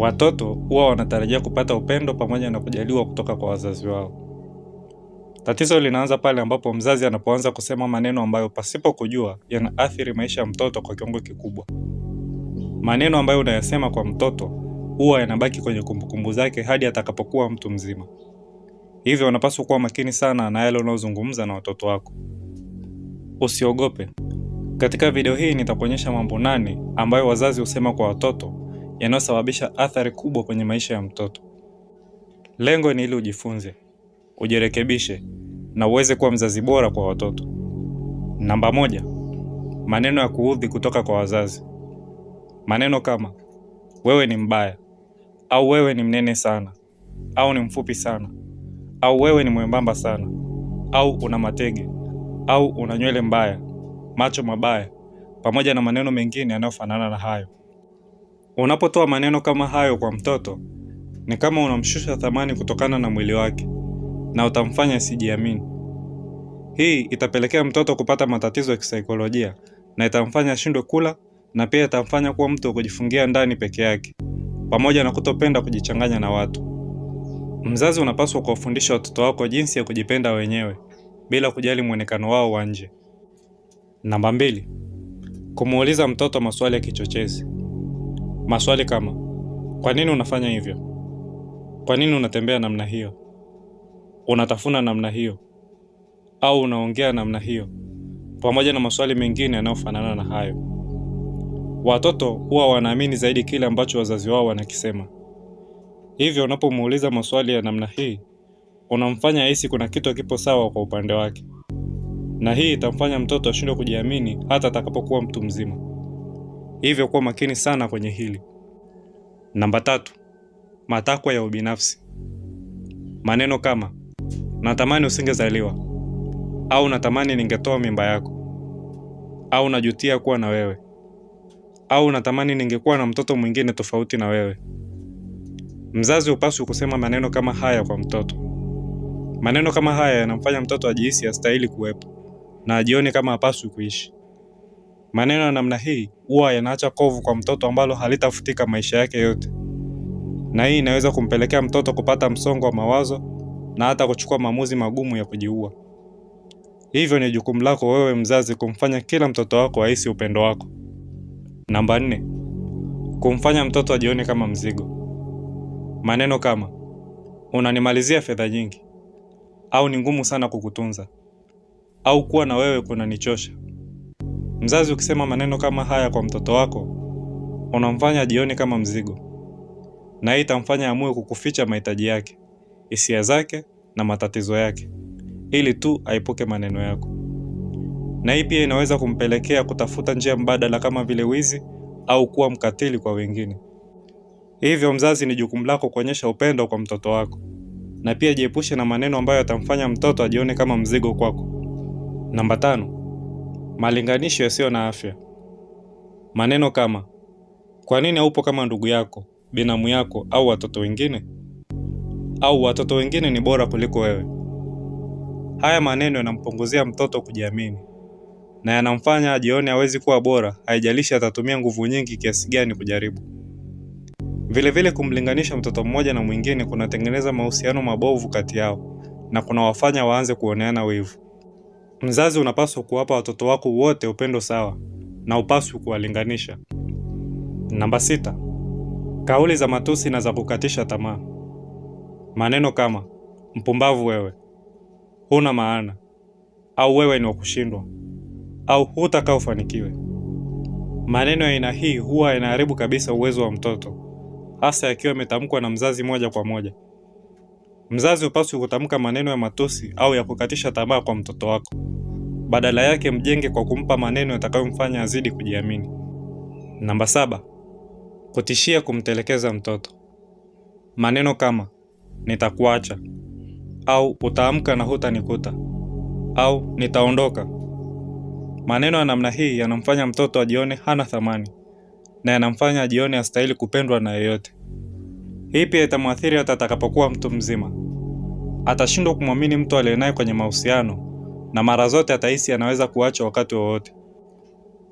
Watoto huwa wanatarajia kupata upendo pamoja na kujaliwa kutoka kwa wazazi wao. Tatizo linaanza pale ambapo mzazi anapoanza kusema maneno ambayo pasipo kujua yanaathiri maisha ya mtoto kwa kiwango kikubwa. Maneno ambayo unayasema kwa mtoto huwa yanabaki kwenye kumbukumbu zake hadi atakapokuwa mtu mzima. Hivyo unapaswa kuwa makini sana na yale unaozungumza na watoto wako. Usiogope. Katika video hii nitakuonyesha mambo nane ambayo wazazi husema kwa watoto yanayosababisha athari kubwa kwenye maisha ya mtoto. Lengo ni ili ujifunze, ujirekebishe na uweze kuwa mzazi bora kwa watoto. Namba moja, maneno ya kuudhi kutoka kwa wazazi. Maneno kama wewe ni mbaya au wewe ni mnene sana au ni mfupi sana au wewe ni mwembamba sana au una matege au una nywele mbaya, macho mabaya, pamoja na maneno mengine yanayofanana na hayo. Unapotoa maneno kama hayo kwa mtoto, ni kama unamshusha thamani kutokana na mwili wake na utamfanya asijiamini. Hii itapelekea mtoto kupata matatizo ya kisaikolojia na itamfanya ashindwe kula na pia itamfanya kuwa mtu wa kujifungia ndani peke yake, pamoja na kutopenda kujichanganya na watu. Mzazi unapaswa kuwafundisha watoto wako jinsi ya kujipenda wenyewe bila kujali mwonekano wao wa nje. Namba mbili, kumuuliza mtoto maswali ya kichochezi. Maswali kama kwa nini unafanya hivyo? Kwa nini unatembea namna hiyo? Unatafuna namna hiyo? Au unaongea namna hiyo? Pamoja na maswali mengine yanayofanana na hayo. Watoto huwa wanaamini zaidi kile ambacho wazazi wao wanakisema. Hivyo unapomuuliza maswali ya namna hii, unamfanya ahisi kuna kitu kipo sawa kwa upande wake, na hii itamfanya mtoto ashindwe kujiamini hata atakapokuwa mtu mzima hivyo kuwa makini sana kwenye hili. Namba tatu, matakwa ya ubinafsi. Maneno kama natamani usingezaliwa au natamani ningetoa mimba yako au najutia kuwa na wewe au natamani ningekuwa na mtoto mwingine tofauti na wewe. Mzazi hupaswi kusema maneno kama haya kwa mtoto. Maneno kama haya yanamfanya mtoto ajihisi astahili kuwepo na ajione kama hapaswi kuishi. Maneno ya namna hii huwa yanaacha kovu kwa mtoto ambalo halitafutika maisha yake yote, na hii inaweza kumpelekea mtoto kupata msongo wa mawazo na hata kuchukua maamuzi magumu ya kujiua. Hivyo ni jukumu lako wewe mzazi kumfanya kila mtoto wako ahisi upendo wako. Namba nne, kumfanya mtoto ajione kama mzigo. Maneno kama unanimalizia fedha nyingi, au ni ngumu sana kukutunza, au kuwa na wewe kunanichosha Mzazi ukisema maneno kama haya kwa mtoto wako, unamfanya jioni kama mzigo, na hii itamfanya amue kukuficha mahitaji yake, hisia zake na matatizo yake, ili tu aipuke maneno yako. Na hii pia inaweza kumpelekea kutafuta njia mbadala kama vile wizi au kuwa mkatili kwa wengine. Hivyo mzazi, ni jukumu lako kuonyesha upendo kwa mtoto wako, na pia jiepushe na maneno ambayo yatamfanya mtoto ajione kama mzigo kwako. Namba tano malinganisho yasiyo na afya. Maneno kama kwa nini haupo kama ndugu yako, binamu yako au watoto wengine, au watoto wengine ni bora kuliko wewe. Haya maneno yanampunguzia mtoto kujiamini na yanamfanya ajione hawezi kuwa bora, haijalishi atatumia nguvu nyingi kiasi gani kujaribu. vile vile kumlinganisha mtoto mmoja na mwingine kunatengeneza mahusiano mabovu kati yao na kunawafanya waanze kuoneana wivu. Mzazi unapaswa kuwapa watoto wako wote upendo sawa na upaswi kuwalinganisha. Namba sita, kauli za matusi na za kukatisha tamaa. Maneno kama mpumbavu, wewe huna maana, au wewe ni wa kushindwa, au hutakaa ufanikiwe. Maneno ya aina hii huwa yanaharibu kabisa uwezo wa mtoto, hasa yakiwa yametamkwa na mzazi moja kwa moja. Mzazi hupaswi kutamka maneno ya matusi au ya kukatisha tamaa kwa mtoto wako badala yake mjenge kwa kumpa maneno yatakayomfanya azidi kujiamini. Namba saba, kutishia kumtelekeza mtoto. Maneno kama nitakuacha au utaamka na hutanikuta au nitaondoka. Maneno ya namna hii yanamfanya mtoto ajione hana thamani na yanamfanya ajione astahili kupendwa na yeyote. Hii pia itamwathiri hata atakapokuwa mtu mzima, atashindwa kumwamini mtu aliyenaye kwenye mahusiano na mara zote atahisi anaweza kuacha wakati wowote.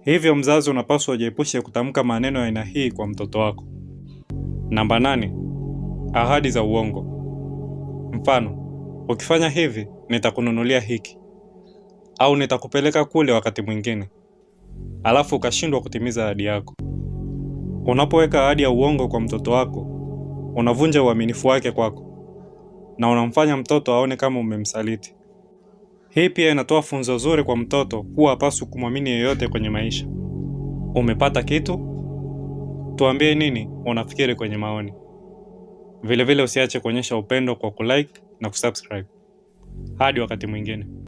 Hivyo mzazi unapaswa ujiepushe kutamka maneno ya aina hii kwa mtoto wako. Namba nane: ahadi za uongo. Mfano, ukifanya hivi nitakununulia hiki au nitakupeleka kule wakati mwingine, alafu ukashindwa kutimiza ahadi yako. Unapoweka ahadi ya uongo kwa mtoto wako, unavunja uaminifu wake kwako na unamfanya mtoto aone kama umemsaliti. Hii pia inatoa funzo zuri kwa mtoto kuwa hapaswi kumwamini yeyote kwenye maisha. Umepata kitu? Tuambie nini unafikiri kwenye maoni. Vilevile usiache kuonyesha upendo kwa kulike na kusubscribe. Hadi wakati mwingine.